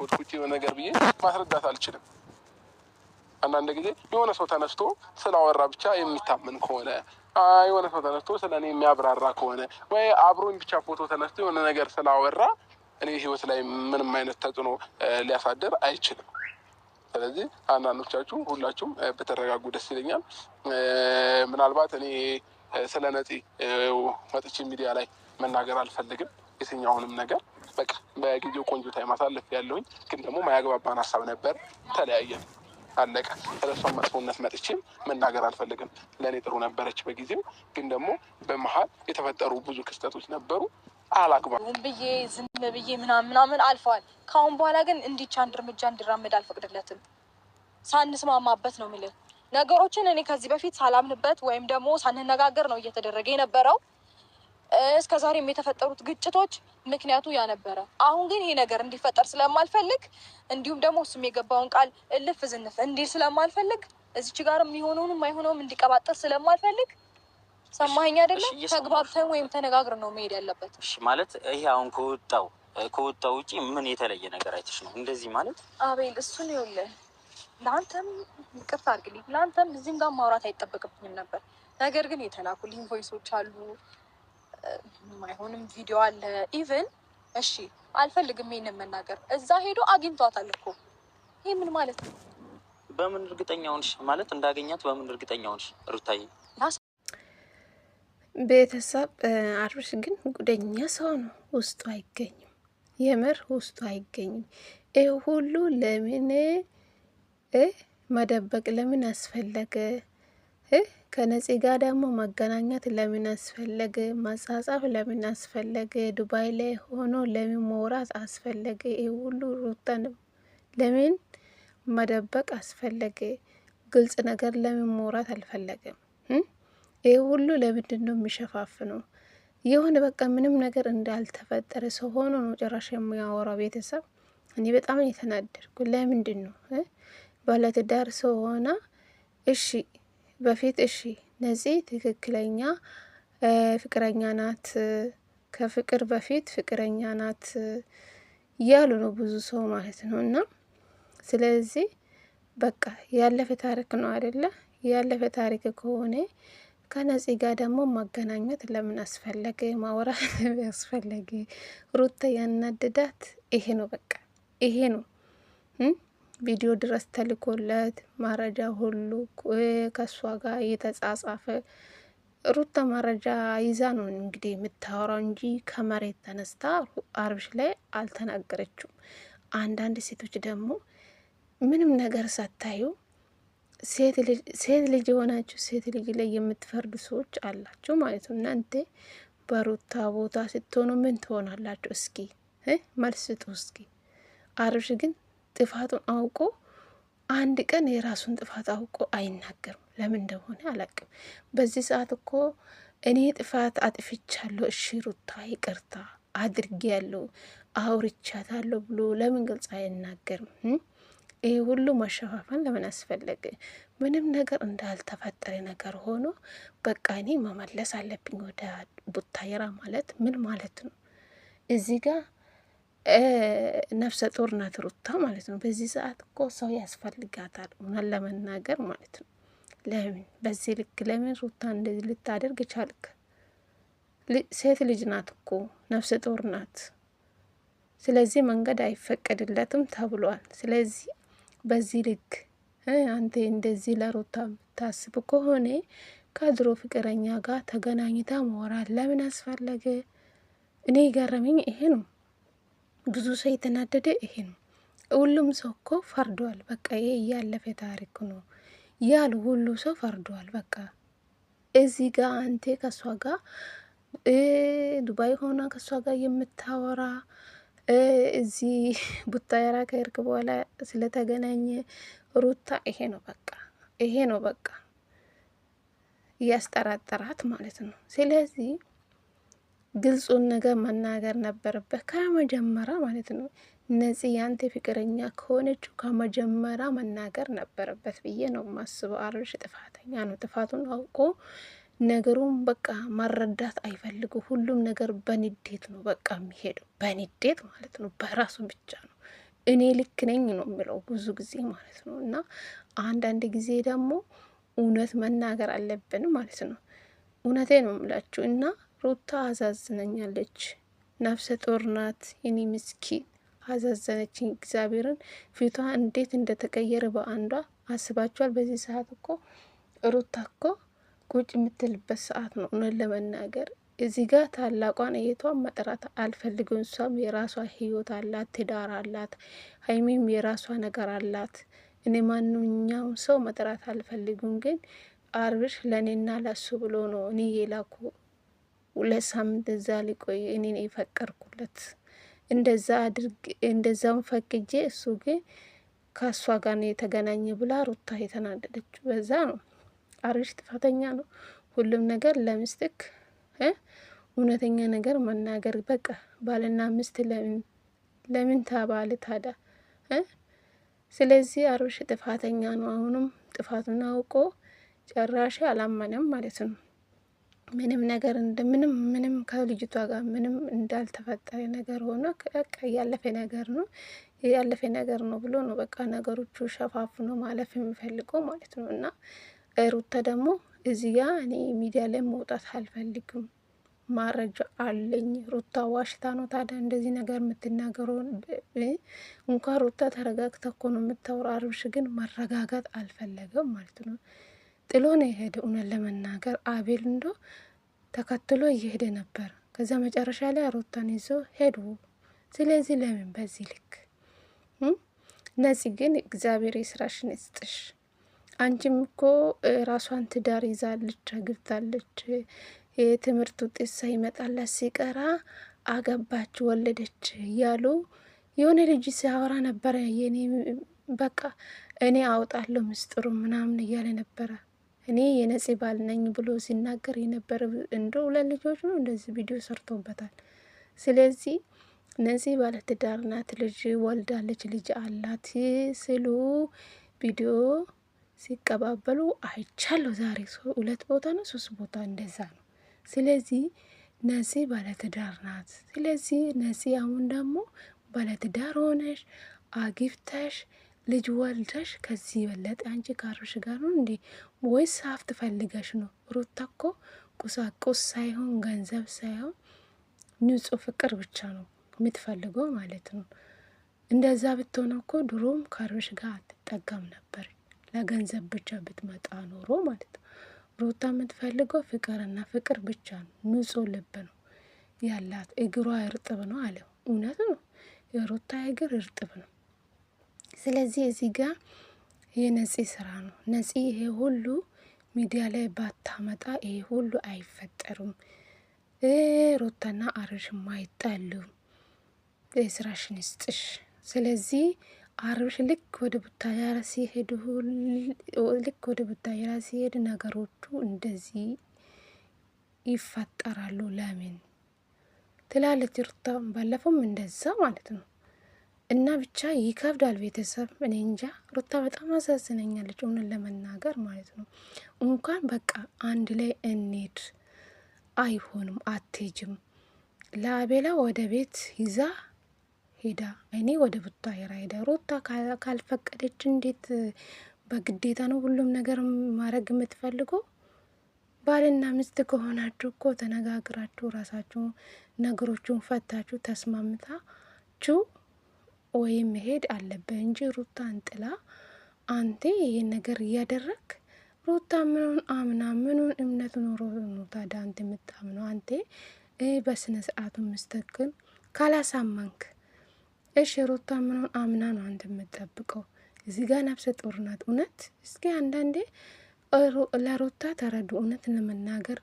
ኮትኩቼ የሆነ ነገር ብዬ ማስረዳት አልችልም። አንዳንድ ጊዜ የሆነ ሰው ተነስቶ ስላወራ ብቻ የሚታመን ከሆነ የሆነ ሰው ተነስቶ ስለ እኔ የሚያብራራ ከሆነ ወይ አብሮኝ ብቻ ፎቶ ተነስቶ የሆነ ነገር ስላወራ እኔ ህይወት ላይ ምንም አይነት ተጽዕኖ ሊያሳድር አይችልም። ስለዚህ አንዳንዶቻችሁ ሁላችሁም በተረጋጉ ደስ ይለኛል። ምናልባት እኔ ስለ ነፂ መጥቼ ሚዲያ ላይ መናገር አልፈልግም የትኛውንም ነገር በቃ በጊዜው ቆንጆ ታይም አሳልፍ ያለውኝ ግን ደግሞ ማያግባባን ሀሳብ ነበር። ተለያየን፣ አለቀ። ስለሷ መጥፎነት መጥቼም መናገር አልፈልግም። ለእኔ ጥሩ ነበረች በጊዜው፣ ግን ደግሞ በመሀል የተፈጠሩ ብዙ ክስተቶች ነበሩ። አላግባብም ብዬ ዝም ብዬ ምናምን ምናምን አልፈዋል። ከአሁን በኋላ ግን እንዲች አንድ እርምጃ እንዲራመድ አልፈቅድለትም። ሳንስማማበት ነው የሚል ነገሮችን እኔ ከዚህ በፊት ሳላምንበት ወይም ደግሞ ሳንነጋገር ነው እየተደረገ የነበረው። እስከ ዛሬም የተፈጠሩት ግጭቶች ምክንያቱ ያ ነበረ። አሁን ግን ይሄ ነገር እንዲፈጠር ስለማልፈልግ እንዲሁም ደግሞ እሱም የገባውን ቃል እልፍ ዝንፍ እንዲል ስለማልፈልግ እዚች ጋር የሚሆነውን የማይሆነውም እንዲቀባጠር ስለማልፈልግ ሰማኸኝ አይደለም? ተግባብተን ወይም ተነጋግር ነው መሄድ ያለበት እሺ ማለት ይሄ አሁን ከወጣው ከወጣው ውጪ ምን የተለየ ነገር አይተሽ ነው እንደዚህ ማለት አቤል? እሱን ይኸውልህ ለአንተም ይቅርታ አድርግልኝ፣ ለአንተም እዚህም ጋር ማውራት አይጠበቅብኝም ነበር። ነገር ግን የተላኩልኝ ቮይሶች አሉ አይሆንም ቪዲዮ አለ ኢቨን እሺ አልፈልግም ይሄንን መናገር እዛ ሄዶ አግኝቷታል እኮ ይሄ ምን ማለት ነው በምን እርግጠኛ ሆንሽ ማለት እንዳገኛት በምን እርግጠኛ ሆንሽ ሩታዬ ቤተሰብ አብርሽ ግን ጉደኛ ሰው ነው ውስጡ አይገኝም የምር ውስጡ አይገኝም ይህ ሁሉ ለምን መደበቅ ለምን አስፈለገ ከነፂ ጋር ደግሞ መገናኘት ለምን አስፈለገ? መጻጻፍ ለምን አስፈለገ? ዱባይ ላይ ሆኖ ለምን መውራት አስፈለገ? ይህ ሁሉ ሩተን ለምን መደበቅ አስፈለገ? ግልጽ ነገር ለምን መውራት አልፈለገም? ይህ ሁሉ ለምንድን ነው የሚሸፋፍነው? የሆነ በቃ ምንም ነገር እንዳልተፈጠረ ሰው ሆኖ ነው ጭራሽ የሚያወራው። ቤተሰብ እኔ በጣም የተናደርኩ ለምንድን ነው ባለትዳር ሰው ሆና እሺ በፊት እሺ ነፂ ትክክለኛ ፍቅረኛ ናት፣ ከፍቅር በፊት ፍቅረኛ ናት እያሉ ነው ብዙ ሰው ማለት ነው። እና ስለዚህ በቃ ያለፈ ታሪክ ነው አይደለ? ያለፈ ታሪክ ከሆነ ከነፂ ጋር ደግሞ ማገናኘት ለምን አስፈለገ? ማውራት አስፈለገ? ሩታ ያናደዳት ይሄ ነው። በቃ ይሄ ነው። ቪዲዮ ድረስ ተልኮለት መረጃ ሁሉ ከእሷ ጋር እየተጻጻፈ ሩታ መረጃ ይዛ ነው እንግዲህ የምታወራው እንጂ ከመሬት ተነስታ አብርሽ ላይ አልተናገረችውም። አንዳንድ ሴቶች ደግሞ ምንም ነገር ሳታዩ ሴት ልጅ የሆናችሁ ሴት ልጅ ላይ የምትፈርዱ ሰዎች አላቸው ማለት ነው። እናንተ በሩታ ቦታ ስትሆኑ ምን ትሆናላችሁ? እስኪ መልስ ስጡ። እስኪ አብርሽ ግን ጥፋቱን አውቆ አንድ ቀን የራሱን ጥፋት አውቆ አይናገርም። ለምን እንደሆነ አላቅም። በዚህ ሰዓት እኮ እኔ ጥፋት አጥፍቻለሁ፣ እሺ ሩታ ይቅርታ አድርጌያለሁ፣ አውርቻታለሁ ብሎ ለምን ግልጽ አይናገርም? ይህ ሁሉ መሸፋፈን ለምን አስፈለገ? ምንም ነገር እንዳልተፈጠረ ነገር ሆኖ በቃ እኔ መመለስ አለብኝ ወደ ቡታየራ ማለት ምን ማለት ነው እዚህ ጋር ነፍሰ ጡር ናት ሩታ ማለት ነው። በዚህ ሰዓት እኮ ሰው ያስፈልጋታል እውነት ለመናገር ማለት ነው። ለምን በዚህ ልክ ለምን ሩታ እንደዚህ ልታደርግ ቻልክ? ሴት ልጅ ናት እኮ ነፍሰ ጡር ናት። ስለዚህ መንገድ አይፈቀድለትም ተብሏል። ስለዚህ በዚህ ልክ አንተ እንደዚህ ለሩታ ብታስብ ከሆነ ከድሮ ፍቅረኛ ጋር ተገናኝታ መወራል ለምን አስፈለገ? እኔ ገረመኝ ይሄ ነው። ብዙ ሰው የተናደደ ይሄ ነው። ሁሉም ሰው እኮ ፈርዷል። በቃ ይሄ እያለፈ ታሪክ ነው ያሉ ሁሉ ሰው ፈርዷል። በቃ እዚ ጋ አንቴ ከሷ ጋ ዱባይ ሆና ከሷ ጋ የምታወራ እዚህ ቡታየራ ከሄድክ በኋላ ስለተገናኘ ሩታ ይሄ ነው በቃ ይሄ ነው በቃ እያስጠራጠራት ማለት ነው። ስለዚህ ግልጹን ነገር መናገር ነበረበት ከመጀመሪያ ማለት ነው። ነፂ ያንተ ፍቅረኛ ከሆነችው ከመጀመሪያ መናገር ነበረበት ብዬ ነው ማስበው። አብርሽ ጥፋተኛ ነው። ጥፋቱን አውቆ ነገሩን በቃ ማረዳት አይፈልጉ። ሁሉም ነገር በንዴት ነው በቃ የሚሄደው በንዴት ማለት ነው። በራሱ ብቻ ነው እኔ ልክ ነኝ ነው የሚለው ብዙ ጊዜ ማለት ነው። እና አንዳንድ ጊዜ ደግሞ እውነት መናገር አለብን ማለት ነው። እውነቴ ነው የምላችሁ እና ሩታ አሳዝነኛለች። ነፍሰ ጡር ናት። የኔ ምስኪን አዛዘነችን እግዚአብሔርን ፊቷ እንዴት እንደተቀየረ በአንዷ አስባችኋል? በዚህ ሰዓት እኮ ሩታ እኮ ቁጭ የምትልበት ሰዓት ነው። እውነት ለመናገር እዚህ ጋር ታላቋን እየቷን መጥራት አልፈልግም። እሷም የራሷ ህይወት አላት፣ ትዳር አላት። ሀይሚም የራሷ ነገር አላት። እኔ ማንኛውም ሰው መጥራት አልፈልግም፣ ግን አብርሽ ለእኔና ለሱ ብሎ ነው እኔ የላኩ ሁለት ሳምንት እዛ ሊቆይ እኔን የፈቀርኩለት እንደዛ አድርግ እንደዛውን ፈቅጄ እሱ ግን ከእሷ ጋር ነው የተገናኘ ብላ ሩታ የተናደደችው በዛ ነው። አብርሽ ጥፋተኛ ነው። ሁሉም ነገር ለምስትክ እውነተኛ ነገር መናገር በቃ ባልና ምስት ለምን ታባል ታዳ። ስለዚህ አብርሽ ጥፋተኛ ነው። አሁንም ጥፋቱን አውቆ ጨራሽ አላመነም ማለት ነው። ምንም ነገር ምንም ምንም ከልጅቷ ጋር ምንም እንዳልተፈጠረ ነገር ሆኖ በቃ ያለፈ ነገር ነው ያለፈ ነገር ነው ብሎ ነው በቃ ነገሮቹ ሸፋፍኖ ማለፍ የሚፈልገው ማለት ነው። እና ሩታ ደግሞ እዚህ እኔ ሚዲያ ላይ መውጣት አልፈልግም፣ ማረጃ አለኝ። ሩታ ዋሽታ ነው ታዲያ እንደዚህ ነገር የምትናገረው? እንኳን ሩታ ተረጋግተ እኮ ነው የምታወራ። አብርሽ ግን መረጋጋት አልፈለገም ማለት ነው። ጥሎ ነው የሄደ። እውነት ለመናገር አቤል እንዶ ተከትሎ እየሄደ ነበር። ከዛ መጨረሻ ላይ ሩታን ይዞ ሄዱ። ስለዚህ ለምን በዚህ ልክ ነፂ ግን እግዚአብሔር የስራሽን ይስጥሽ። አንቺም እኮ ራሷን ትዳር ይዛለች አግብታለች። የትምህርት ውጤት ሳይመጣላት ሲቀራ አገባች ወለደች እያሉ የሆነ ልጅ ሲያወራ ነበረ። የኔ በቃ እኔ አውጣለሁ ምስጢሩ ምናምን እያለ ነበረ። እኔ የነጽ ባል ነኝ ብሎ ሲናገር የነበረ እንደ ሁለት ልጆች ነው እንደዚህ ቪዲዮ ሰርቶበታል። ስለዚህ ነጽ ባለትዳር ናት፣ ልጅ ወልዳለች፣ ልጅ አላት ስሉ ቪዲዮ ሲቀባበሉ አይቻለሁ። ዛሬ ሁለት ቦታ ነው ሶስት ቦታ እንደዛ ነው። ስለዚህ ነጽ ባለትዳር ናት። ስለዚህ ነጽ አሁን ደግሞ ባለትዳር ሆነሽ አግብተሽ ልጅ ወልደሽ ከዚህ በለጠ አንቺ ካሮሽ ጋር ነው እንዴ? ወይስ ሀብት ፈልገሽ ነው? ሩታ እኮ ቁሳቁስ ሳይሆን ገንዘብ ሳይሆን ንጹሕ ፍቅር ብቻ ነው የምትፈልገው ማለት ነው። እንደዛ ብትሆነ እኮ ድሮም ካሮሽ ጋር አትጠጋም ነበር፣ ለገንዘብ ብቻ ብትመጣ ኖሮ ማለት ነው። ሩታ የምትፈልገው ፍቅርና ፍቅር ብቻ ነው። ንጹሕ ልብ ነው ያላት። እግሯ እርጥብ ነው አለ። እውነት ነው። የሩታ እግር እርጥብ ነው። ስለዚህ እዚህ ጋር የነፂ ስራ ነው። ነፂ ይሄ ሁሉ ሚዲያ ላይ ባታመጣ ይሄ ሁሉ አይፈጠሩም። ሩታና አብርሽም አይጣሉም። ስራሽን ስጥሽ። ስለዚህ አብርሽ ልክ ወደ ቡታያራ ሲሄድ ልክ ወደ ቡታያራ ሲሄድ ነገሮቹ እንደዚህ ይፈጠራሉ። ለምን ትላለች ሩታ ባለፈውም እንደዛ ማለት ነው። እና ብቻ ይከብዳል። ቤተሰብ እኔ እንጃ ሩታ በጣም አሳዝነኛለች፣ እውነት ለመናገር ማለት ነው። እንኳን በቃ አንድ ላይ እኔድ አይሆንም፣ አትሄጅም። ለአቤላ ወደ ቤት ይዛ ሄዳ እኔ ወደ ቡታ ሄራ ሄደ ሩታ ካልፈቀደች እንዴት በግዴታ ነው ሁሉም ነገር ማድረግ የምትፈልገው? ባልና ሚስት ከሆናችሁ እኮ ተነጋግራችሁ ራሳችሁ ነገሮችን ፈታችሁ ተስማምታችሁ ወይም መሄድ አለብህ እንጂ ሩታን ጥላ አንተ ይህን ነገር እያደረግ ሩታ ምኑን አምና ምኑን እምነት ኖሮ ነው ታዲያ አንተ የምታምነው? አንተ በስነ ስርዓቱ ምስተክል ካላሳመንክ እሺ፣ ሩታ ምኑን አምና ነው አንተ የምጠብቀው? እዚህ ጋር ነፍሰ ጡር ናት። እውነት እስኪ አንዳንዴ ለሩታ ተረዱ። እውነት ለመናገር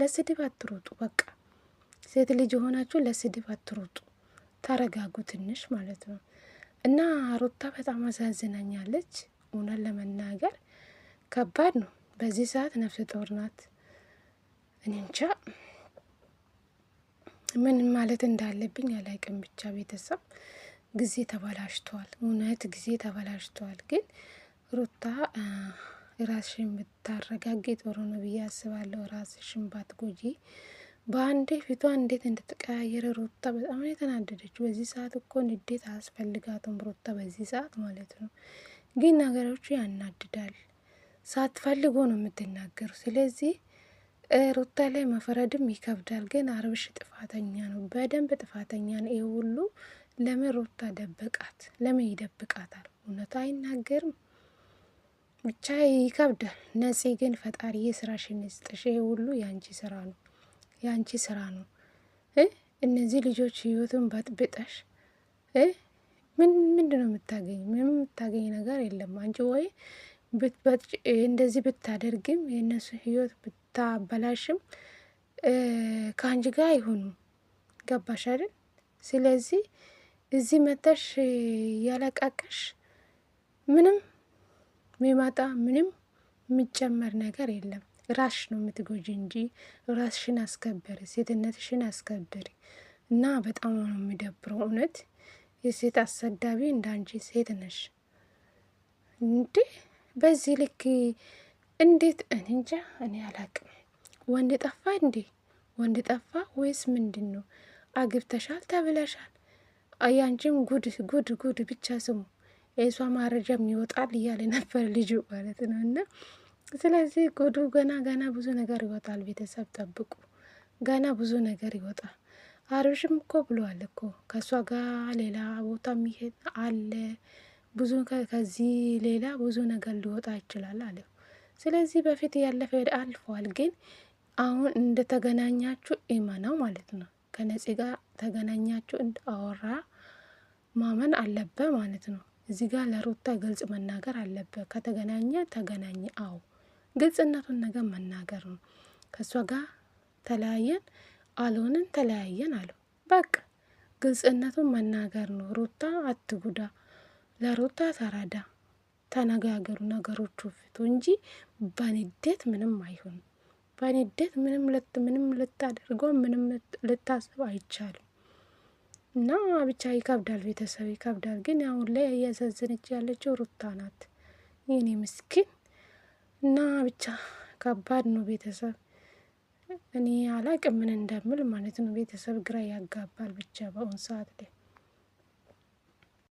ለስድብ አትሮጡ። በቃ ሴት ልጅ የሆናችሁ ለስድብ አትሮጡ። ተረጋጉ ትንሽ ማለት ነው። እና ሩታ በጣም አሳዝናኛለች። እውነት ለመናገር ከባድ ነው። በዚህ ሰዓት ነፍሰ ጡር ናት። እኔ እንጃ ምን ማለት እንዳለብኝ አላቅም። ብቻ ቤተሰብ ጊዜ ተበላሽቷል። እውነት ጊዜ ተበላሽቷል። ግን ሩታ ራስሽን ብታረጋጊ ጥሩ ነው ብዬ አስባለሁ። ራስሽን ባትጎጂ በአንዴ ፊቷ እንዴት እንደተቀያየረ ሩታ በጣም ነው የተናደደች። በዚህ ሰዓት እኮ ንዴት አያስፈልጋትም ሩታ በዚህ ሰዓት ማለት ነው። ግን ነገሮቹ ያናድዳል። ሳትፈልጎ ነው የምትናገሩ። ስለዚህ ሩታ ላይ መፈረድም ይከብዳል። ግን አብርሽ ጥፋተኛ ነው፣ በደንብ ጥፋተኛ ነው። ይህ ሁሉ ለምን ሩታ ደበቃት? ለምን ይደብቃታል? እውነት አይናገርም። ብቻ ይከብዳል። ነፂ ግን ፈጣሪ የስራሽን ይስጥሽ። ይህ ሁሉ የአንቺ ስራ ነው። የአንቺ ስራ ነው። እነዚህ ልጆች ህይወቱን በጥብጠሽ ምን ምንድ ነው የምታገኝ? ምንም የምታገኝ ነገር የለም። አንቺ ወይ እንደዚህ ብታደርግም የእነሱ ህይወት ብታበላሽም ከአንቺ ጋር አይሆኑ። ገባሽ አይደል? ስለዚህ እዚህ መተሽ ያለቃቀሽ ምንም ሚመጣ ምንም የሚጨመር ነገር የለም። ራስሽ ነው የምትጎጂ እንጂ ራስሽን አስከበሪ፣ ሴትነትሽን አስከበሪ እና በጣም ነው የሚደብረው እውነት። የሴት አሰዳቢ እንዳንቺ ሴት ነሽ እንዴ? በዚህ ልክ እንዴት? እኔ እንጃ፣ እኔ አላቅም። ወንድ ጠፋ እንዴ? ወንድ ጠፋ ወይስ ምንድን ነው? አግብተሻል ተብለሻል። ያንቺም ጉድ ጉድ ጉድ ብቻ ስሙ። የእሷ ማረጃም ይወጣል እያለ ነበር ልጁ ማለት ነው እና ስለዚህ ጉዱ ገና ገና ብዙ ነገር ይወጣል። ቤተሰብ ጠብቁ፣ ገና ብዙ ነገር ይወጣል። አብርሽም እኮ ብሏል እኮ ከእሷ ጋር ሌላ ቦታ የሚሄድ አለ ብዙ ከዚህ ሌላ ብዙ ነገር ሊወጣ ይችላል አለ። ስለዚህ በፊት ያለፈ አልፏል፣ ግን አሁን እንደተገናኛችሁ ኢማናው ማለት ነው ከነፂ ጋር ተገናኛችሁ እንዳወራ ማመን አለበ ማለት ነው። እዚህ ጋር ለሩታ ግልጽ መናገር አለበ። ከተገናኘ ተገናኘ አው ግልጽነቱን ነገር መናገር ነው። ከእሷ ጋር ተለያየን አልሆንን ተለያየን አለው። በቃ ግልጽነቱን መናገር ነው። ሩታ አትጉዳ፣ ለሩታ ተረዳ፣ ተነጋገሩ ነገሮቹ ፊቱ እንጂ በንዴት ምንም አይሆንም። በንዴት ምንም ልት ምንም ልታደርገው ምንም ልታስብ አይቻልም። እና ብቻ ይከብዳል፣ ቤተሰብ ይከብዳል። ግን አሁን ላይ እያሳዘነች ያለችው ሩታ ናት። ይህኔ ምስኪን እና ብቻ ከባድ ነው ቤተሰብ። እኔ አላቅም ምን እንደምል ማለት ነው። ቤተሰብ ግራ ያጋባል ብቻ በአሁን ሰዓት ላይ